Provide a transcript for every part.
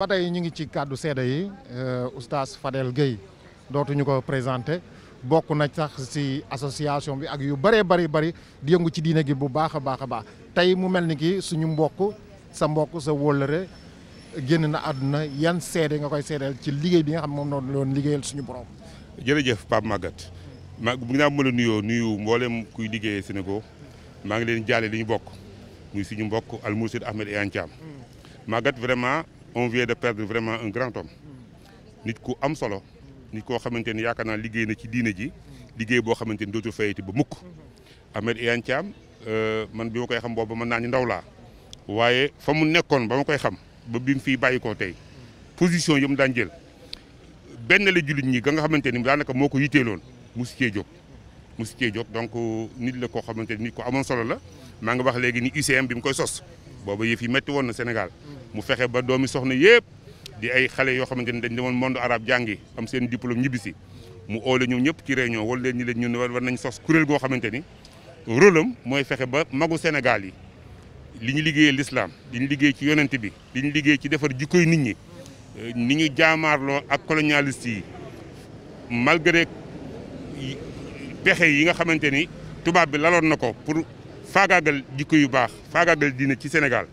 ba tey ñu ngi ci kàddu seede yi euh, oustaz Fadel Gueye dootuñu ko présenté bokk na sax si association bi ak yu bëree bëri bëri di yëngu ci diina gi bu baax a baax a baax tey mu mel ni ki suñu mbokk sa mbokk sa wóllëre génn na àdduna yan seede nga koy seedeel ci liggéey bi nga xam moom noonu loon liggéeyal suñu borom. jërëjëf Pape Maguette ma ginnaaw ma la nuyoo nuyu mbooleem kuy liggéeyee Sénégal maa ngi leen jaale li ñu bokk muy suñu mbokk Al Mourchid Ahmed Iyane Thiam hmm. Maguette vraiment. on vient de perdre vraiment un grand homme nit ku am solo nit koo xamante ni yaakaar naa liggéey na ci diine ji liggéey boo xamante ni dootul fayati ba mukk Ahmed Iyane Thiam euh, man bi ma koy xam boobu mën naa ni ndaw laa waaye fa mu nekkoon ba ma koy xam ba bi mu fii bàyyi koo tey position yi mu daan jël benn la jullit ñi ka nga xamante ni daanaka moo ko yitteeloon musu cee jóg musu cee jóg donc nit la koo xamante ni nit ko amoon solo la maa ngi wax léegi ni UCM bi mu koy sos booba yi métti woon na Sénégal mu fexe ba doomi soxna yëpp di ay xale yoo xamante ni dañ demoon monde arabe jàngi am seen diplôme ñibbisi mu oole ñoom ñëpp ci réunion wala leen ñi leen ñun war nañ sos kuréel goo xamante ni rôle am mooy fexe ba magu senegal yi li ñu liggéeyee lislaam li ñu liggéey ci yonent bi li ñu liggéey ci defar jikkoy nit ñi euh, ni ñu jaamaarloo ak colonialiste yi malgré pexe yi nga xamante ni tubaab bi laloon na ko pour faagaagal jikko yu baax faagaagal diine ci Sénégal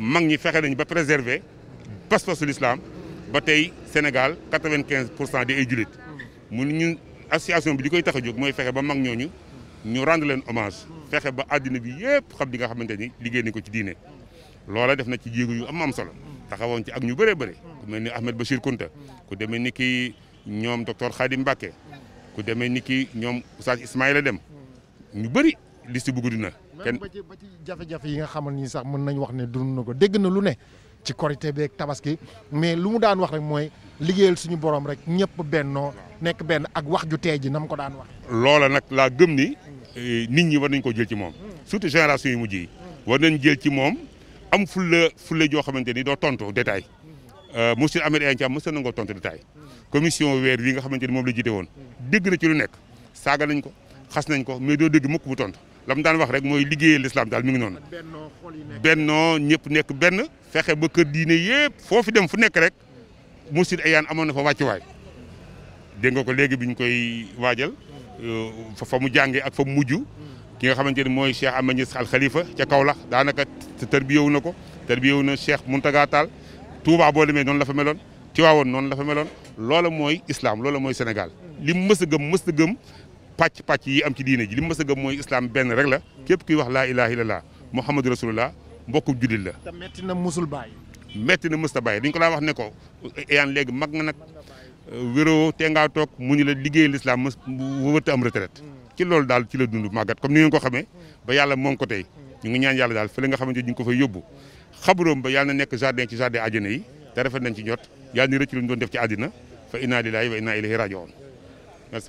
mag ñi fexe nañ ba préserver pas-pasu l'islam ba tey Sénégal quatre-vingt-quinze pour cent di ay jullit ñu association bi di koy tax a jóg mooy fexe ba mag ñooñu ñu rendre leen hommage fexe ba addina bi yëpp xam li nga xamante ni liggéey nañ ko ci diine loola def na ci jéego yu am am solo taxawoon ci ak ñu bëree bëri ku mel ni Ahmed Bachir Kounta ku demee ni ki ñoom docteur Khadim Mbacké ku demee ni ki ñoom Oustaz Ismaïla Dem ñu bëri liste bu gudd na kenn ba ci ba jafe-jafe yi nga xamal ni sax mën nañ wax ne dund na ko dégg na lu ne ci korité beeg tabaski mais lu mu daan wax rek mooy liggéeyal suñu borom rek ñëpp bennoo nekk benn ak wax ju tey ji na ko daan wax. loola nag laa gëm ni eh, nit ñi war nañ ko jël ci moom hmm. surtout génération yu mujj yi hmm. war nañ jël ci moom am fulla fulla joo xamante ni doo tontu détail hmm. euh, monsieur Amed Ndiame mos a nangoo tontu détail commission weer wi nga xamante moom la jiite woon dégg na ci lu nekk saaga ko xas nañ ko mais doo dégg mukk bu la mu daan wax rek mooy liggéeyal lislaam daal mi ngi noonu bennoo ñëpp nekk benn fexe ba kër diine yëpp foofu dem fu nekk rek Moussid Ayaan amoon na fa wàccuwaay dégg ko léegi bi ñu koy waajal euh, fa mu jàngee ak fa mu mujj ki nga xamante ni mooy Cheikh Ahmed Niass Al Khalifa ca Kaolack daanaka tërbiyewu na ko tërbiyewu na Cheikh Mountaga Tall Touba boo demee noonu la fa meloon Tiwaawoon noonu la fa meloon loola mooy islaam loola mooy Sénégal li mu mës a pàcc-pàcc yi am ci diine ji li ma sa mooy islam benn rek la képp kuy wax laa ilaha illallah muhammadu rasulullah mbokkum jullit la te metti na musul bàyyi metti na mës ta bàyyi dañ ko laa wax ne ko yaan mag nga nag wéroo te ngaa toog mu ñu la liggéey l'islam mës wëwërta am retraite ci loolu daal ci la dund màggat comme ni ngeen ko xamee ba yàlla moom ko tey ñu ngi ñaan yàlla daal fële nga xamante ñu ko fay yóbbu xabaroom ba yàlla na nekk jardin ci jardin àjjana yi te rafet nañ ci ñot yàlla ni